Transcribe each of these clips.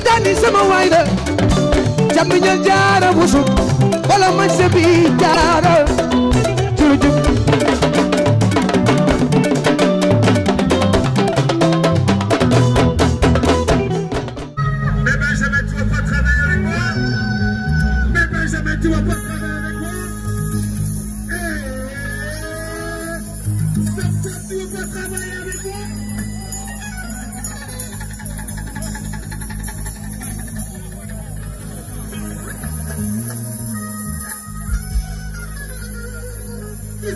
Mauritanie sama waay la jàmm ñal jaara busuk wala ma sebi jaara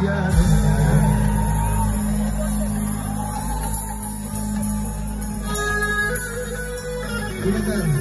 Thank you.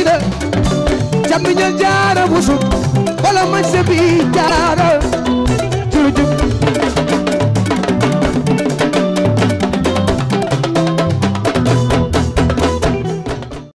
fayda camiñal jaara busum wala mañ se bi jaara